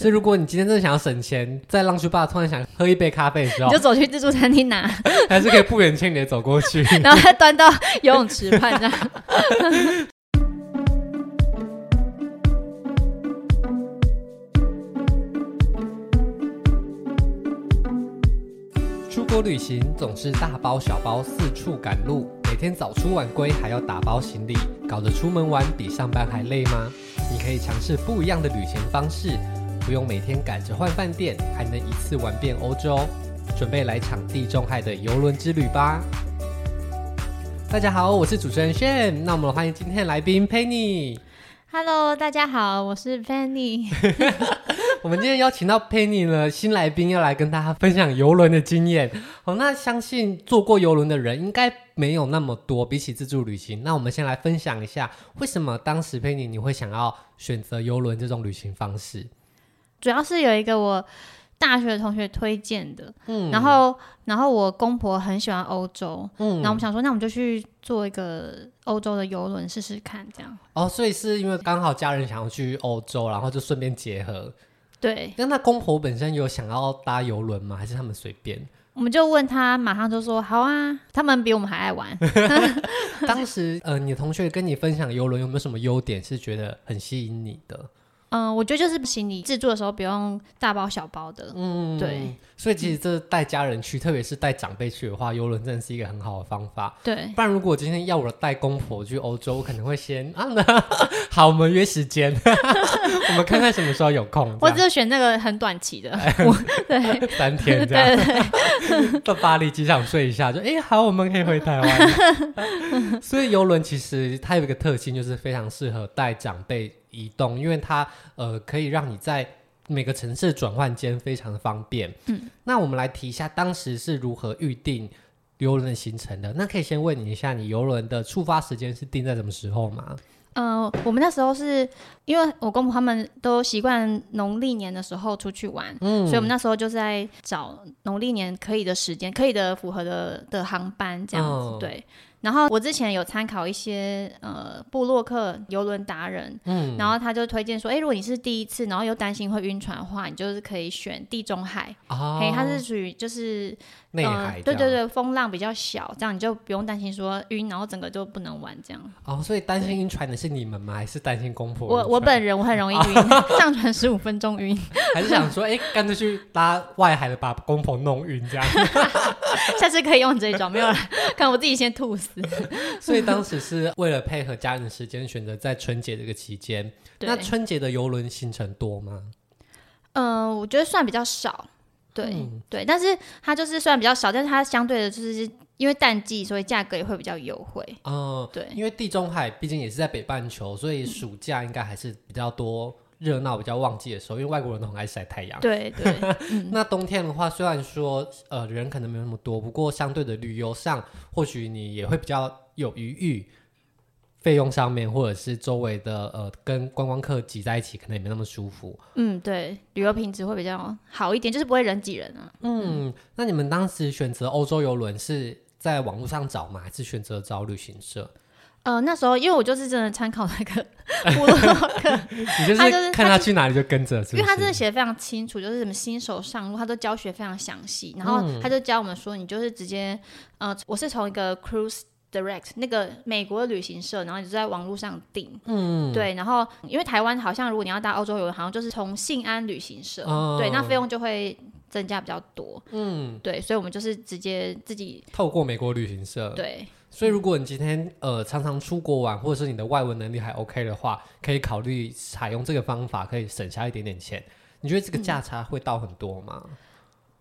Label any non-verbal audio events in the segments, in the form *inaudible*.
所以，如果你今天真的想要省錢，在 lounge bar 突然想喝一杯咖啡的時候，你就走去自助餐廳拿， *laughs* 還是可以不遠千里走過去， *laughs* 然後他端到游泳池畔上。 *laughs* 出國旅行總是大包小包四處趕路，每天早出晚歸還要打包行李，搞得出門玩比上班還累嗎？你可以嘗試不一樣的旅行方式。不用每天趕着換飯店，還能一次玩遍歐洲，準備來場地中海的遊輪之旅吧！大家好，我是主持人 Shane，那我們歡迎今天的來賓 Penny。Hello，大家好，我是 Penny。 *laughs* *laughs* 我們今天邀請到 Penny 的新來賓，要來跟大家分享遊輪的經驗。好，那相信坐過遊輪的人應該沒有那麼多，比起自助旅行，那我們先來分享一下，為什麼當時 Penny 你會想要選擇遊輪這種旅行方式？主要是有一個我大學的同學推薦的，嗯，然後然後我公婆很喜歡歐洲，嗯，然後我們想說，那我們就去做一個歐洲的郵輪試試看，這樣。哦，所以是因為剛好家人想要去歐洲，對然後就順便結合。對，那那公婆本身有想要搭郵輪嗎？還是他們隨便？我們就問他，馬上就說好啊，他們比我們還愛玩。 *laughs* 當時，呃，你的同學跟你分享郵輪有沒有什麼優點是覺得很吸引你的？嗯、呃，我覺得就是，行李你自助的時候不用大包小包的，嗯，對。所以其實這是帶家人去，嗯、特別是帶長輩去的話，遊輪真的是一個很好的方法。對。不然如果今天要我帶公婆去歐洲，我可能會先啊， *laughs* 好，我們約時間， *laughs* 我們看看什麼時候有空。 *laughs* 樣我只有選那個很短期的， *laughs* 對，三天這樣， *laughs* 到巴黎機場睡一下，就哎、欸，好，我們可以回台灣。 *laughs* *laughs* 所以遊輪其實它有一個特性，就是非常適合帶長輩移動，因為它呃可以讓你在每個城市轉換間非常的方便。嗯，那我們來提一下當時是如何預定遊輪的行程的。那可以先問你一下，你遊輪的出發時間是定在什麼時候嗎？呃，我們那時候是因為我公婆他們都習慣農曆年的時候出去玩，嗯，所以我們那時候就是在找農曆年可以的時間，可以的符合的的航班，這樣子。嗯、對。然後我之前有參考一些呃部落客遊輪達人，嗯，然後他就推薦說，哎，如果你是第一次，然後又擔心會暈船的話，你就是可以選地中海，哎、哦，它是屬於就是內海，呃、對，對對對，風浪比較小，這樣你就不用擔心說暈，然後整個就不能玩這樣。哦，所以擔心暈船的是你們嗎？對還是擔心公婆？我我本人我很容易暈， *laughs* 上船十五分鐘暈。 *laughs* 還是想說，哎， *laughs* 乾脆去搭外海的，把公婆弄暈這樣。 *laughs* *laughs* 下次可以用這種，沒有了，看 *laughs* 我自己先吐死。 *laughs* 所以當時是為了配合家人時間，選擇在春節這個期間。對那春節的遊輪行程多嗎？嗯、呃，我覺得算比較少，對、嗯、對。但是它就是算比較少，但是它相對的就是因為淡季，所以價格也會比較優惠。嗯、呃，對，因為地中海畢竟也是在北半球，所以暑假應該還是比較多。嗯熱鬧比較旺季的時候，因為外國人都很愛曬太陽。對對。嗯、 *laughs* 那冬天的話，雖然說呃人可能沒有那麼多，不過相對的旅遊上，或許你也會比較有餘裕，費用上面或者是周圍的呃跟觀光客擠在一起，可能也沒那麼舒服。嗯，對，旅遊品質會比較好一點，就是不會人擠人啊。嗯，嗯那你們當時選擇歐洲遊輪是在網絡上找嗎？還是選擇找旅行社？呃，那時候因為我就是真的參考那個， *laughs* 你就是看他去哪裡就跟着，是不是？因為他真的寫的非常清楚，就是什麼新手上路，他都教學非常詳細。然後他就教我們說，你就是直接，嗯、呃，我是從一個 Cruise Direct 那個美國的旅行社，然後你就在網路上訂，嗯，對。然後因為台灣好像如果你要到歐洲遊，有好像就是從信安旅行社，嗯、對，那費用就會增加比較多，嗯，對。所以我們就是直接自己透過美國旅行社，對。所以，如果你今天呃常常出國玩，或者是你的外文能力還 OK 的話，可以考慮採用這個方法，可以省下一點點錢。你覺得這個價差會到很多嗎？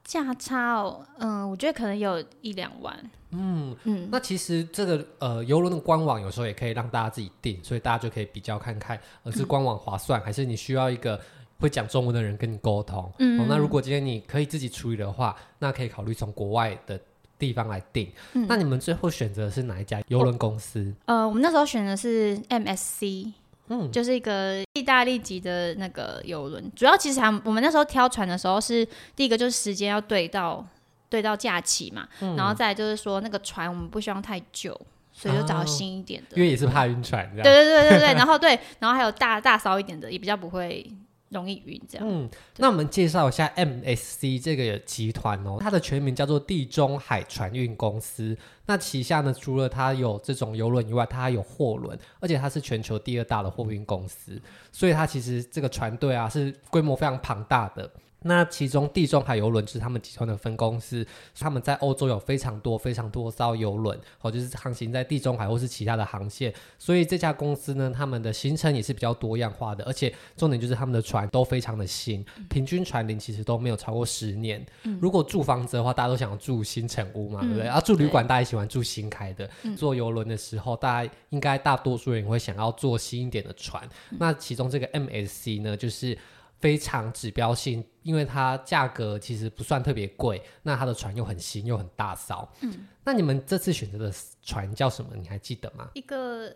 價、嗯、差哦，嗯、呃，我覺得可能有一兩萬。嗯嗯，嗯那其實這個呃遊輪的官網有時候也可以讓大家自己訂，所以大家就可以比較看看，而是官網划算，嗯、還是你需要一個會講中文的人跟你溝通。嗯、哦，那如果今天你可以自己處理的話，那可以考慮從國外的。地方來定，嗯、那你們最後選擇是哪一家游輪公司、哦？呃，我們那時候選的是 MSC，嗯，就是一個意大利籍的那個遊輪。主要其實還我們那時候挑船的時候是第一個就是時間要對到對到假期嘛，嗯、然後再就是說那個船我們不希望太舊，所以就找新一點的、哦，因為也是怕暈船這樣。對對對對對， *laughs* 然後對，然後還有大大艘一點的也比較不會。容易暈這樣。嗯，對那我們介紹一下 MSC 這個集團哦，它的全名叫做地中海船運公司。那旗下呢，除了它有這種郵輪以外，它還有貨輪，而且它是全球第二大的貨運公司，所以它其實這個船隊啊是規模非常龐大的。那其中地中海郵輪是他們集團的分公司，他們在歐洲有非常多非常多艘郵輪，或、哦、就是航行在地中海或是其他的航線。所以這家公司呢，他們的行程也是比較多樣化的，而且重點就是他們的船都非常的新，平均船齡其實都沒有超過十年。嗯、如果住房子的話，大家都想要住新成屋嘛，嗯、對不對？啊，住旅館，對大家也喜歡住新開的。嗯、坐郵輪的時候，大家應該大多數人會想要坐新一點的船。嗯、那其中這個 MSC 呢，就是。非常指標性，因為它價格其實不算特別貴，那它的船又很新又很大艘。嗯，那你們這次選擇的船叫什麼？你還記得嗎？一個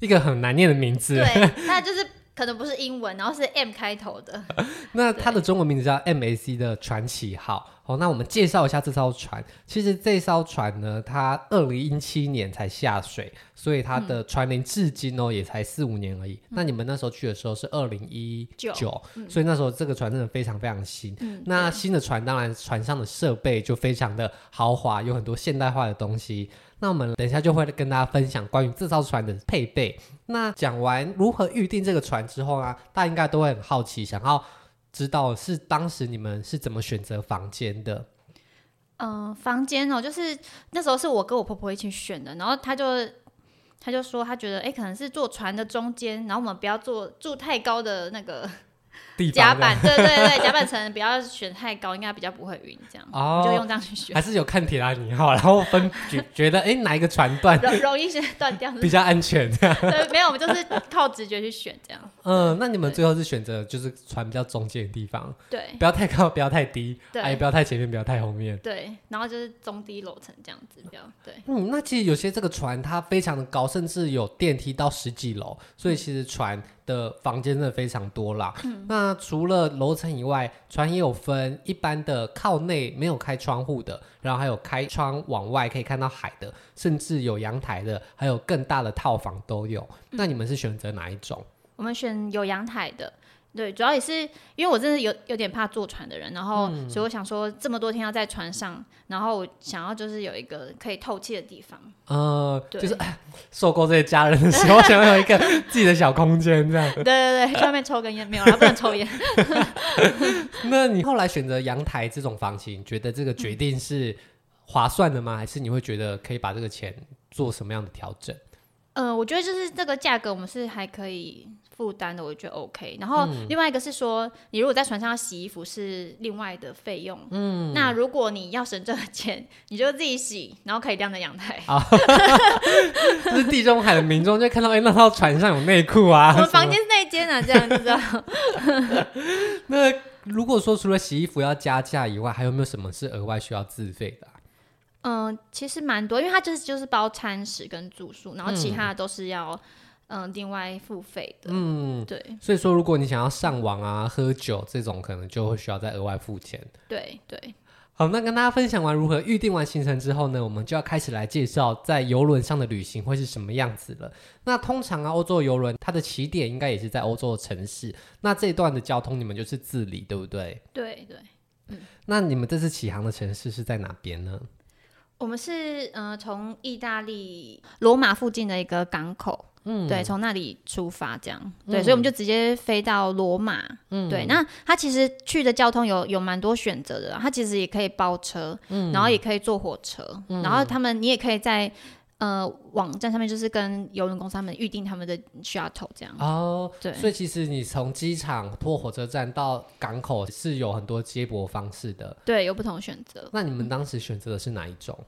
一個很難念的名字，對，它就是 *laughs* 可能不是英文，然後是 M 開頭的。 *laughs* 那它的對中文名字叫 MAC 的傳奇號。好、哦，那我們介紹一下這艘船。其實這艘船呢，它二零一七年才下水，所以它的船齡至今哦、嗯、也才四五年而已。嗯、那你們那時候去的時候是二零一九，所以那時候這個船真的非常非常新。嗯、那新的船當然船上的設備就非常的豪華，有很多現代化的東西。那我們等一下就會跟大家分享關於這艘船的配備。那講完如何預定這個船之後呢、啊，大家應該都會很好奇，想要，知道是當時你們是怎麼選擇房間的？嗯、呃，房間哦、喔，就是那時候是我跟我婆婆一起選的，然後他就他就說他覺得，哎、欸，可能是坐船的中間，然後我們不要坐住太高的那個甲板，地方這樣，對對對， *laughs* 甲板層不要選太高，應該比較不會暈這樣。哦，就用這樣去選，還是有看鐵達尼號對，然後分覺 *laughs* 覺得哎、欸、哪一個船段容易先斷掉，比較安全 *laughs* 對，沒有，我們就是靠直覺去選這樣。嗯，那你們最後是選擇就是船比較中間的地方，對，不要太高，不要太低，對，哎，啊、也不要太前面，不要太後面，對。然後就是中低樓層這樣子比較對。嗯，那其實有些這個船它非常的高，甚至有電梯到十幾樓，所以其實船的房間真的非常多啦。嗯對，那除了樓層以外，船也有分一般的靠內沒有開窗戶的，然後還有開窗往外可以看到海的，甚至有陽台的，還有更大的套房都有。對那你們是選擇哪一種？我們選有陽台的，對，主要也是因為我真的有有點怕坐船的人，然後、嗯、所以我想說這麼多天要在船上，然後我想要就是有一個可以透氣的地方，呃，對就是受夠這些家人的時候， *laughs* 想要有一個自己的小空間這樣。 *laughs* 對對對，外面抽根煙， *laughs* 沒有，然後不能抽煙。 *laughs* *laughs* 那你後來選擇陽台這種房型，覺得這個決定是划算的嗎？嗯、還是你會覺得可以把這個錢做什麼樣的調整？呃，我覺得就是這個價格我們是還可以。負擔的，我覺得 OK，然後另外一個是說，嗯、你如果在船上要洗衣服是另外的費用，嗯，那如果你要省這個錢，你就自己洗，然後可以晾在陽台。啊，這是地中海的民眾就看到，哎、欸，那艘船上有內褲啊，我們房間是內間啊，這樣子啊。 *laughs* *laughs* 那如果說除了洗衣服要加價以外，還有沒有什麼是額外需要自費的、啊？嗯，其實蠻多，因為它就是就是包餐食跟住宿，然後其他的都是要。嗯嗯，另外付費的，嗯，對，所以說，如果你想要上網啊、喝酒這種，可能就會需要再額外付錢。對對。對好，那跟大家分享完如何預訂完行程之後呢，我們就要開始來介紹在遊輪上的旅行會是什麼樣子了。那通常啊，歐洲遊輪它的起點應該也是在歐洲的城市，那這一段的交通你們就是自理，對不對？對對，對嗯。那你們這次起航的城市是在哪邊呢？我們是呃，從意大利羅馬附近的一個港口。嗯，對，從那裡出發這樣，對，嗯、所以我們就直接飛到羅馬。嗯，對，那他其實去的交通有有蠻多選擇的、啊，他其實也可以包車，嗯，然後也可以坐火車，嗯、然後他們你也可以在呃網站上面就是跟遊輪公司他們預定他們的 shuttle 這樣。哦，對，所以其實你從機場或火車站到港口是有很多接駁方式的，對，有不同選擇。那你們當時選擇的是哪一種？嗯、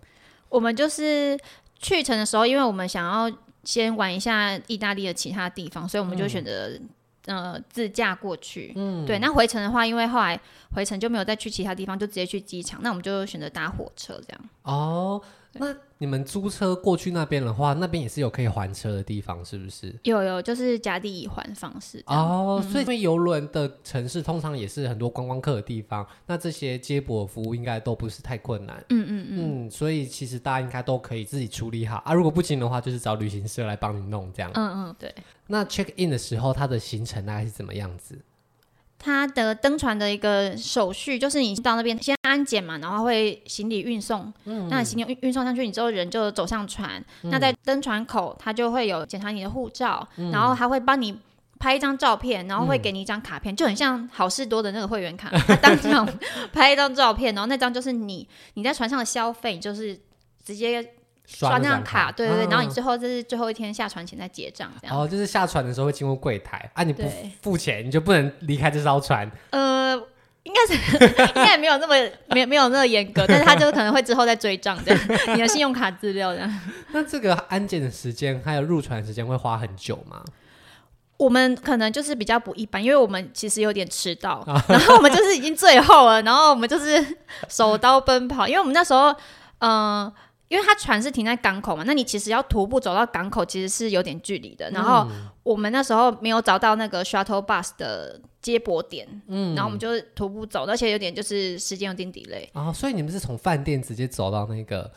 我們就是去程的時候，因為我們想要。先玩一下意大利的其他的地方，所以我們就選擇、嗯、呃自駕過去。嗯，對，那回程的話，因為後來回程就沒有再去其他地方，就直接去機場。那我們就選擇搭火車這樣。哦。那你們租車過去那邊的話，那邊也是有可以還車的地方，是不是？有有，就是甲地乙還方式哦。嗯、哼所以郵輪的城市通常也是很多觀光客的地方，那這些接駁服務應該都不是太困難。嗯嗯嗯，嗯。所以其實大家應該都可以自己處理好啊。如果不行的話，就是找旅行社來幫你弄這樣。嗯嗯，對。那 check in 的時候，它的行程大概是怎麼樣子？他的登船的一個手續，就是你到那邊先安檢嘛，然後會行李運送，嗯、那行李運運送上去，你之後人就走上船。嗯、那在登船口，他就會有檢查你的護照，嗯、然後他會幫你拍一張照片，然後會給你一張卡片，嗯、就很像好事多的那個會員卡。他當場拍一張照片， *laughs* 然後那張就是你你在船上的消費，就是直接。刷那張卡，對對對，然後你之後就是最後一天下船前再結賬，這樣。哦，就是下船的時候會經過櫃檯啊，你不付錢你就不能離開這艘船。呃，應該是應該也沒有那麼沒沒有那麼嚴格，但是他就可能會之後再追賬，的你的信用卡資料這樣。那這個安檢的時間還有入船時間會花很久嗎？我們可能就是比較不一般，因為我們其實有點遲到，然後我們就是已經最後了，然後我們就是手刀奔跑，因為我們那時候嗯。因為它船是停在港口嘛，那你其實要徒步走到港口，其實是有點距離的。嗯，然後我們那時候沒有找到那個 shuttle bus 的接駁點，嗯，然後我們就徒步走，而且有點就是時間有點 delay。哦，所以你們是從飯店直接走到那個？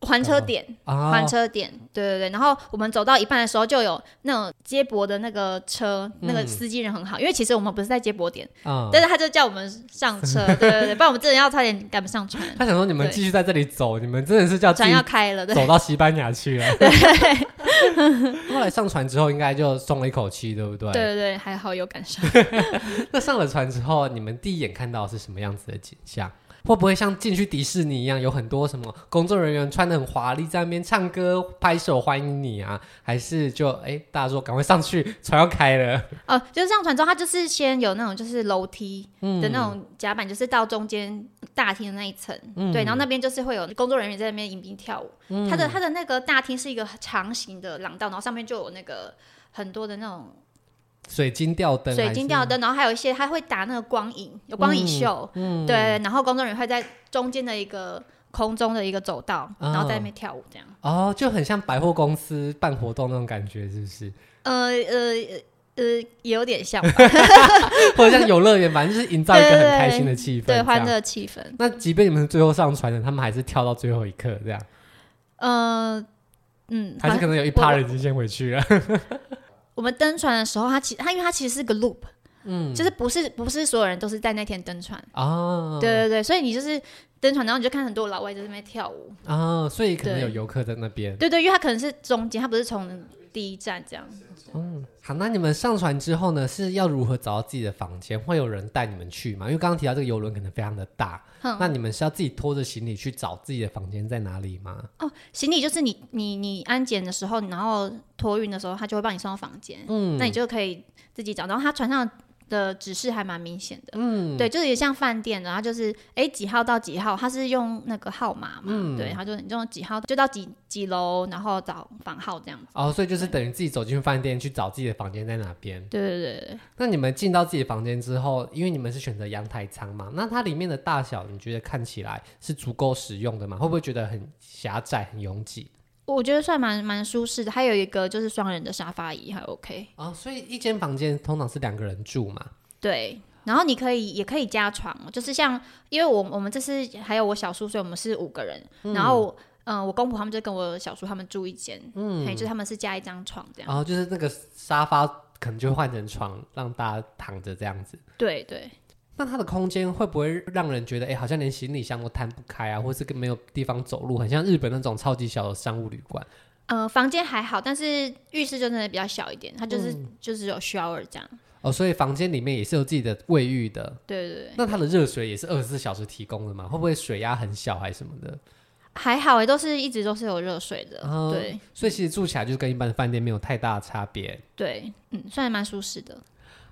還車點，哦、還車點，對對對。然後我們走到一半的時候，就有那種接駁的那個車，嗯、那個司機人很好，因為其實我們不是在接駁點，嗯、但是他就叫我們上車，是對對對，不然我們真的要差點趕不上船。 *laughs* 他想說你們繼續在這裡走，對你們真的是叫船要開了，走到西班牙去了。了對，對 *laughs* 後來上船之後，應該就鬆了一口氣，對不對？對對對，還好有趕上。 *laughs* 那上了船之後，你們第一眼看到是什麼樣子的景象？會不會像進去迪士尼一樣，有很多什麼工作人員穿得很華麗，在那邊唱歌拍手歡迎你啊？還是就哎大家說趕快上去，船要開了？哦、呃，就是上船之後，它就是先有那種就是樓梯的那種甲板，就是到中間大廳的那一層，嗯、對，然後那邊就是會有工作人員在那邊迎賓跳舞。嗯、它的它的那個大廳是一個長形的廊道，然後上面就有那個很多的那種。水晶吊燈，水晶吊燈，然後還有一些他會打那個光影，有光影秀，嗯嗯、對，然後工作人員會在中間的一個空中的一個走道，哦、然後在那邊跳舞，這樣哦，就很像百貨公司辦活動那種感覺，是不是？呃呃呃，也有點像吧， *laughs* *laughs* 或者像遊樂園，反正就是營造一個很開心的氣氛，對對對，對，歡樂氣氛。那即便你們最後上船了，他們還是跳到最後一刻，這樣？呃，嗯，還是可能有一趴人已經先回去了。 *laughs* 我們登船的時候，他其實，他因為他其實是個 loop，嗯，就是不是不是所有人都是在那天登船。哦、對對對，所以你就是登船，然後你就看很多老外在那邊跳舞啊。哦，所以可能有遊客在那邊，對，對對，因為他可能是中間，他不是從第一站這樣。嗯，好，那你們上船之後呢，是要如何找到自己的房間？會有人帶你們去嗎？因為剛剛提到這個遊輪可能非常的大，嗯、那你們是要自己拖着行李去找自己的房間在哪裡嗎？哦，行李就是你、你、你安檢的時候，然後托運的時候，他就會幫你送到房間。嗯，那你就可以自己找。然後他船上。的指示還蠻明顯的，嗯，對，就是也像飯店的，然後就是哎、欸、幾號到幾號，它是用那個號碼嘛，嗯、對，然後就你用幾號就到幾幾樓，然後找房號這樣子，哦，所以就是等於自己走進飯店對去找自己的房間在哪邊，對對對，那你們進到自己的房間之後，因為你們是選擇陽台艙嘛，那它裡面的大小你覺得看起來是足夠使用的嗎？會不會覺得很狹窄、很擁擠？我覺得算蠻蠻舒適的，還有一個就是雙人的沙發椅還 OK。哦，所以一間房間通常是兩個人住嘛？對。然後你可以也可以加床，就是像因為我我們這次還有我小叔，所以我們是五個人。嗯、然後，嗯、呃，我公婆他們就跟我小叔他們住一間，嗯，就他們是加一張床這樣。然後、哦、就是那個沙發可能就換成床，讓大家躺着這樣子。對對。對那它的空間會不會讓人覺得，哎、欸，好像連行李箱都攤不開啊，或者是沒有地方走路，很像日本那種超級小的商務旅館？呃，房間還好，但是浴室就真的比較小一點，它就是、嗯、就是有 shower 這樣。哦，所以房間裡面也是有自己的衛浴的。對對對。那它的熱水也是二十四小時提供的嗎？會不會水壓很小還是什麼的？還好哎、欸，都是一直都是有熱水的。然後，對，所以其實住起來就跟一般的飯店沒有太大的差別。對，嗯，算還蠻舒適的。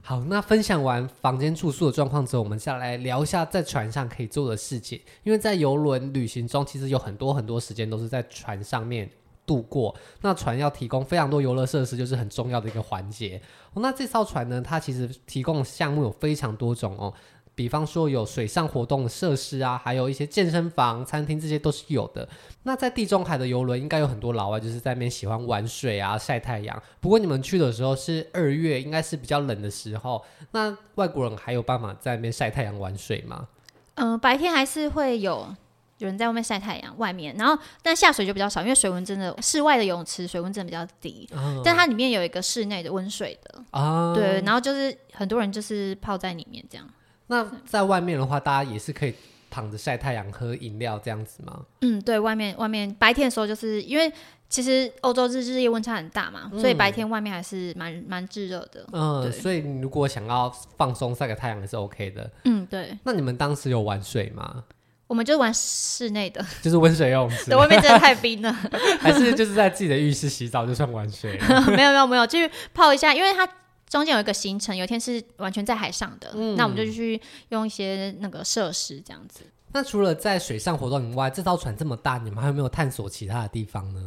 好，那分享完房間住宿的狀況之後，我們再來聊一下在船上可以做的事情。因為在遊輪旅行中，其實有很多很多時間都是在船上面度過。那船要提供非常多遊樂設施，就是很重要的一個環節。哦，那這艘船呢，它其實提供項目有非常多種哦。比方說有水上活動的設施啊，還有一些健身房、餐廳，這些都是有的。那在地中海的郵輪，應該有很多老外就是在那邊喜歡玩水啊、曬太陽。不過你們去的時候是二月，應該是比較冷的時候。那外國人還有辦法在那邊曬太陽、玩水嗎？嗯、呃，白天還是會有有人在外面曬太陽，外面，然後但下水就比較少，因為水溫真的，室外的游泳池水溫真的比較低。嗯。但它裡面有一個室內的溫水的啊，嗯、對，然後就是很多人就是泡在裡面這樣。那在外面的話，大家也是可以躺着曬太陽、喝飲料這樣子嗎？嗯，對，外面外面白天的時候，就是因為其實歐洲日日夜溫差很大嘛，嗯、所以白天外面還是蠻蠻炙熱的。嗯，對所以如果想要放鬆、曬個太陽也是 OK 的。嗯，對。那你們當時有玩水嗎？我們就玩室內的，就是溫水泳池。 *laughs* *laughs* 的外面真的太冰了。 *laughs* 還是就是在自己的浴室洗澡就算玩水了？ *laughs* 沒有沒有沒有，就泡一下，因為它。中間有一個行程，有一天是完全在海上的。嗯、那我們就去用一些那個設施，這樣子。那除了在水上活動以外，這艘船這麼大，你們還有沒有探索其他的地方呢？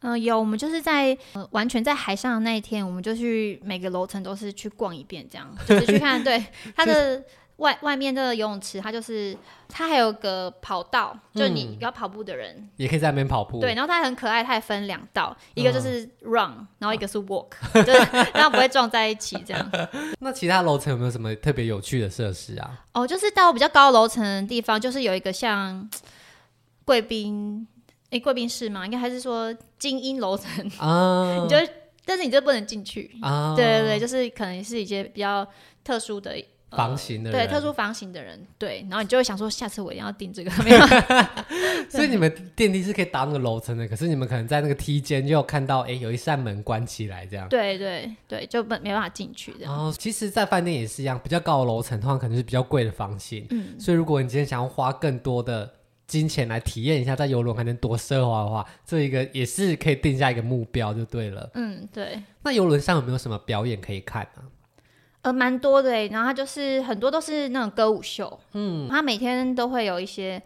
嗯、呃，有，我們就是在、呃、完全在海上的那一天，我們就去每個樓層都是去逛一遍，這樣就是、去看 *laughs* 對它的。外外面的游泳池，它就是它還有個跑道，嗯、就你要跑步的人也可以在那邊跑步。對，然後它很可愛，它也分兩道，一個就是 run，、嗯、然後一個是 walk，對，然後不會撞在一起這樣。 *laughs* 那其他樓層有沒有什麼特別有趣的設施啊？哦，就是到比較高樓層的地方，就是有一個像貴賓哎，貴賓室嘛，應該還是說精英樓層啊。嗯、 *laughs* 你就但是你就不能進去啊？嗯、對對對，就是可能是一些比較特殊的。房型的人、哦、對特殊房型的人對，然後你就會想說，下次我一定要訂這個。沒有 *laughs* 所以你們電梯是可以搭那個樓層的，可是你們可能在那個梯間就有看到，哎，有一扇門關起來，這樣。對對對，就沒沒辦法進去。然後、哦，其實，在飯店也是一樣，比較高的樓層的話，可能是比較貴的房型。嗯，所以如果你今天想要花更多的金錢來體驗一下，在遊輪還能多奢華的話，這一個也是可以定下一個目標就對了。嗯，對。那遊輪上有沒有什麼表演可以看啊？呃，蠻多的，然後它就是很多都是那種歌舞秀，嗯，它每天都會有一些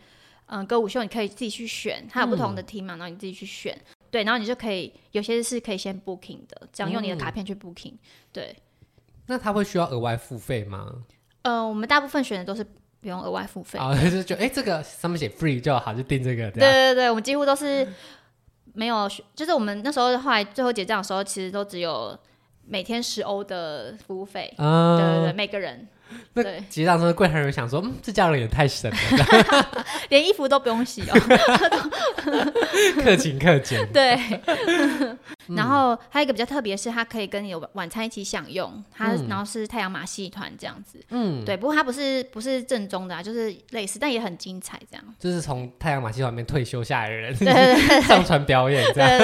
嗯、呃、歌舞秀，你可以自己去選，它有不同的 team 嘛、啊，嗯、然後你自己去選，對，然後你就可以有些是可以先 booking 的，這樣用你的卡片去 booking，、嗯、對。那他會需要額外付費嗎？呃，我們大部分選的都是不用額外付費啊、哦，就是覺得哎，這個上面寫 free 就好，就訂這個，對對對，我們幾乎都是沒有選， *laughs* 就是我們那時候後來最後結賬的時候，其實都只有。每天十歐的服務費，嗯、對對對，每個人。那對。其實當時櫃檯有人想說，嗯，這家人也太神了， *laughs* 連衣服都不用洗哦，克勤克儉。對。 *laughs* 然後還有一個比較特別，是它可以跟你有晚餐一起享用。嗯、它然後是太陽馬戲團這樣子，嗯，對。不過它不是不是正宗的、啊，就是類似，但也很精彩這樣。就是從太陽馬戲團裡面退休下來的人，對對對對，上傳表演這樣。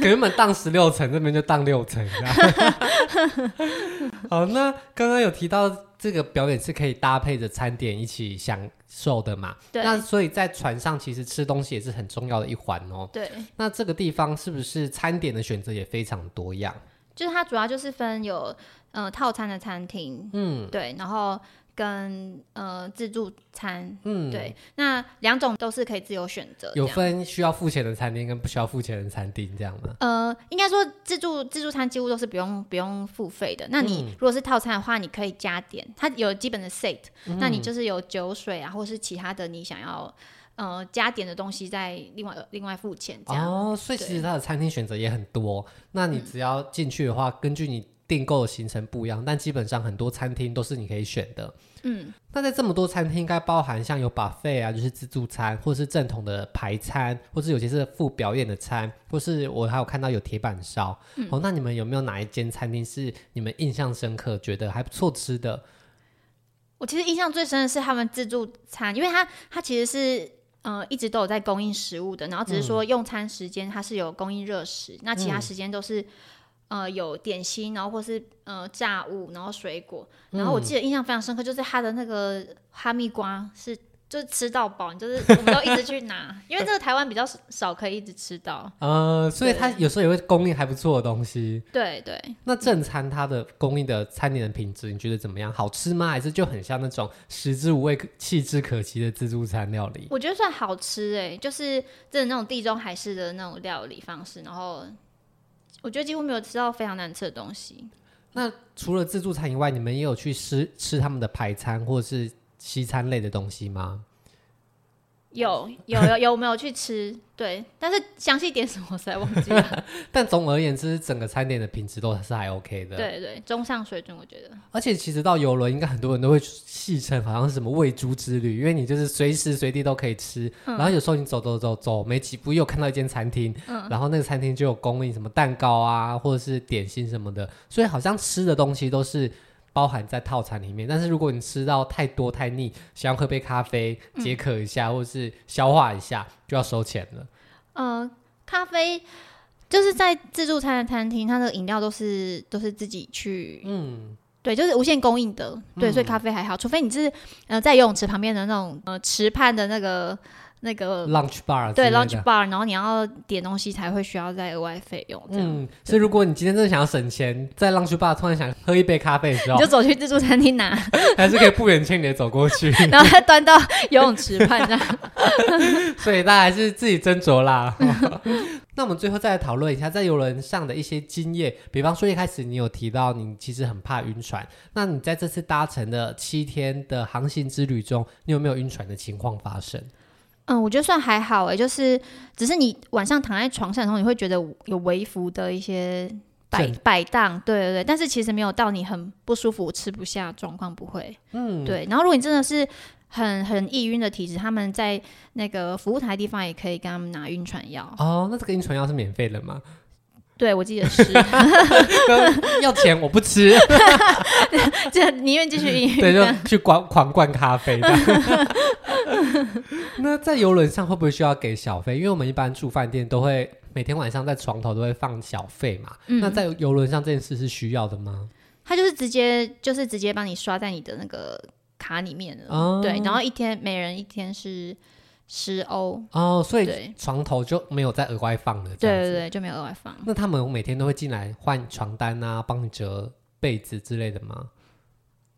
他們盪十六層這邊就盪六層這樣。 *laughs* 好，那剛剛有提到，這個表演是可以搭配着餐點一起享受的嘛？對。那所以在船上其實吃東西也是很重要的一環哦。對。那這個地方是不是餐點的選擇也非常多樣？就是它主要就是分有呃套餐的餐廳，嗯，對，然後。跟呃自助餐，嗯，對，那兩種都是可以自由選擇，有分需要付錢的餐廳跟不需要付錢的餐廳這樣嗎？呃，應該說自助自助餐幾乎都是不用不用付費的。那你如果是套餐的話，你可以加點，它有基本的 set、嗯、那你就是有酒水啊，或是其他的你想要呃加點的東西，在另外另外付錢這樣。哦，所以其實它的餐廳選擇也很多。那你只要進去的話，嗯、根據你訂購的行程不一樣，但基本上很多餐廳都是你可以選的。嗯，那在這麼多餐廳，應該包含像有 buffet 啊，就是自助餐，或是正統的排餐，或是有些是附表演的餐，或是我還有看到有鐵板燒。嗯、哦，那你們有沒有哪一間餐廳是你們印象深刻，覺得還不錯吃的？我其實印象最深的是他們自助餐，因為它它其實是嗯、呃、一直都有在供應食物的，然後只是說用餐時間它是有供應熱食，嗯、那其他時間都是。呃，有點心，然後或是呃炸物，然後水果。然後我記得印象非常深刻，就是他的那個哈密瓜是就是吃到飽，就是我們都一直去拿， *laughs* 因為這個台灣比較少可以一直吃到。呃，所以它有時候也會供應還不錯的東西。對對。對對。那正餐它的供應的餐點的品質，你覺得怎麼樣？好吃嗎？還是就很像那種食之無味棄之可惜的自助餐料理？我覺得算好吃哎、欸，就是真的那種地中海式的那種料理方式，然後。我覺得幾乎沒有吃到非常難吃的東西。那除了自助餐以外，你們也有去吃吃他們的排餐或是西餐類的東西嗎？有有有有沒有去吃？ *laughs* 對，但是詳細點什麼菜忘記了。 *laughs* 但總而言之，整個餐點的品質都是還 OK 的。對，對對，中上水準，我覺得。而且其實到遊輪，應該很多人都會戲稱好像是什麼“餵豬之旅”，因為你就是隨時隨地都可以吃。嗯、然後有時候你走走走走，沒幾步又看到一間餐廳，嗯、然後那個餐廳就有供應什麼蛋糕啊，或者是點心什麼的。所以好像吃的東西都是。包含在套餐裡面，但是如果你吃到太多太膩，想要喝杯咖啡解渴一下，嗯、或是消化一下，就要收錢了。嗯、呃，咖啡就是在自助餐的餐廳，它的飲料都是都是自己去，嗯，對，就是無限供應的。對，嗯、所以咖啡還好，除非你是呃在游泳池旁邊的那種呃池畔的那個。那個 lunch bar 對 lunch bar，然後你要點東西才會需要再額外費用。這樣嗯，對所以如果你今天真的想要省錢，在 lunch bar 突然想喝一杯咖啡的時候，你就走去自助餐廳拿， *laughs* 還是可以不遠千里走過去， *laughs* 然後他端到游泳池畔。 *laughs* *laughs* 所以大家還是自己斟酌啦。 *laughs* *laughs* 那我們最後再來討論一下在遊輪上的一些經驗。比方說，一開始你有提到你其實很怕暈船，那你在這次搭乘的七天的航行之旅中，你有沒有暈船的情況發生？嗯，我覺得算還好誒，就是只是你晚上躺在床上的時候，你會覺得有微服的一些擺正擺盪，對對對，但是其實沒有到你很不舒服、我吃不下狀況，不會。嗯，對。然後如果你真的是很很易暈的體質，他們在那個服務台的地方也可以跟他們拿暈船藥。哦，那這個暈船藥是免費的嗎？對，我記得是， *laughs* *laughs* 要錢我不吃， *laughs* *laughs* 就寧願繼續英語。 *laughs* 對，就去狂狂灌咖啡。 *laughs* 那在郵輪上會不會需要給小費？因為我們一般住飯店都會每天晚上在床頭都會放小費嘛。嗯、那在郵輪上這件事是需要的嗎？嗯、他就是直接就是直接幫你刷在你的那個卡裡面、哦、對，然後一天每人一天是。十歐哦，所以床頭就沒有再額外放的。對，對對對，就沒有額外放。那他們每天都會進來換床單啊，幫你折被子之類的嗎？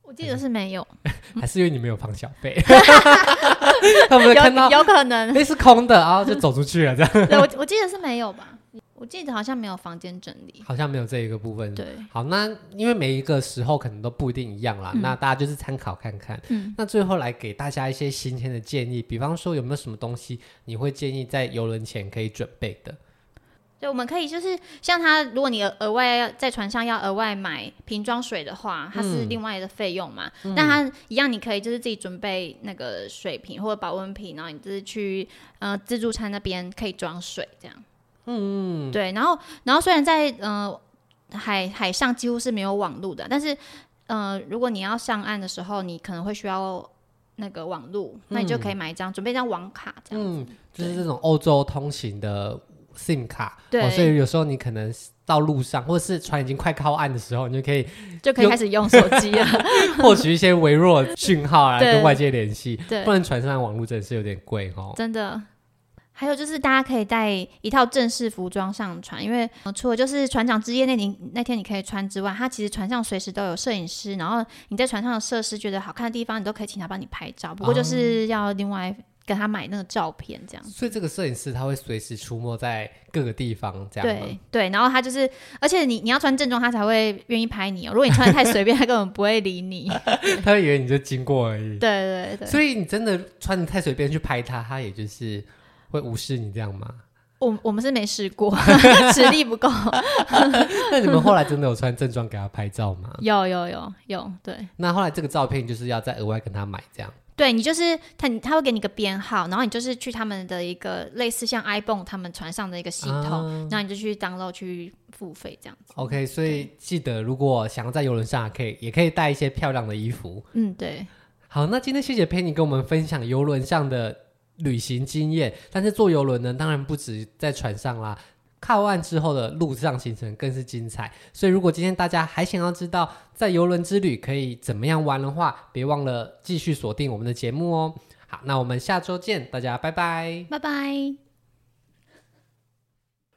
我記得是沒有、嗯，還是因為你沒有放小費？有沒有看到有？有可能那，、欸、是空的然後就走出去了， *laughs* 這樣。對，我我記得是沒有吧。我記得好像沒有房間整理，好像沒有這一個部分。對，好，那因為每一個時候可能都不一定一樣啦，嗯、那大家就是參考看看。嗯，那最後來給大家一些新鮮的建議，嗯、比方說有沒有什麼東西你會建議在郵輪前可以準備的？對，就我們可以就是像他，如果你額外要在船上要額外買瓶裝水的話，它是另外的費用嘛？嗯、但它一樣，你可以就是自己準備那個水瓶或者保溫瓶，然後你就是去、呃、自助餐那邊可以裝水這樣。嗯，對，然後，然後雖然在呃海海上幾乎是沒有網路的，但是，呃，如果你要上岸的時候，你可能會需要那個網路，那你就可以買一張，嗯、準備一張網卡，這樣子，嗯，就是這種歐洲通行的 SIM 卡，對、哦，所以有時候你可能到路上，或者是船已經快靠岸的時候，你就可以就可以開始用手機了， *laughs* 獲取一些微弱訊號啊，跟外界聯繫，對，對，不然船上的網路，真的是有點貴哦，真的。還有就是，大家可以帶一套正式服裝上船，因為除了就是船長之夜，那你那天你可以穿之外，他其實船上隨時都有攝影師，然後你在船上的設施覺得好看的地方，你都可以請他幫你拍照，不過就是要另外跟他買那個照片這樣子，嗯。所以這個攝影師他會隨時出沒在各個地方，這樣。對對，然後他就是，而且你你要穿正裝，他才會願意拍你哦，喔。如果你穿得太隨便，他根本不會理你， *laughs* 對他會以為你就經過而已。對，對對對。所以你真的穿得太隨便去拍他，他也就是。會無視你這樣嗎？我我們是沒試過，實 *laughs* 力不夠。那你們後來真的有穿正裝給他拍照嗎？有有有有，有對。那後來這個照片就是要再額外跟他買這樣。對，你就是他，他會給你一個編號，然後你就是去他們的一個類似像 iPhone 他們船上的一個系統，啊、然後你就去 download 去付費這樣子。OK，、嗯、對所以記得如果想要在遊輪上可以也可以帶一些漂亮的衣服。嗯，對。好，那今天謝謝 Penny 跟我們分享遊輪上的。旅行經驗，但是坐遊輪呢，當然不止在船上啦，靠岸之後的路上行程更是精彩。所以，如果今天大家還想要知道在遊輪之旅可以怎麼樣玩的話，別忘了繼續鎖定我們的節目哦。好，那我們下周見，大家拜拜，拜拜。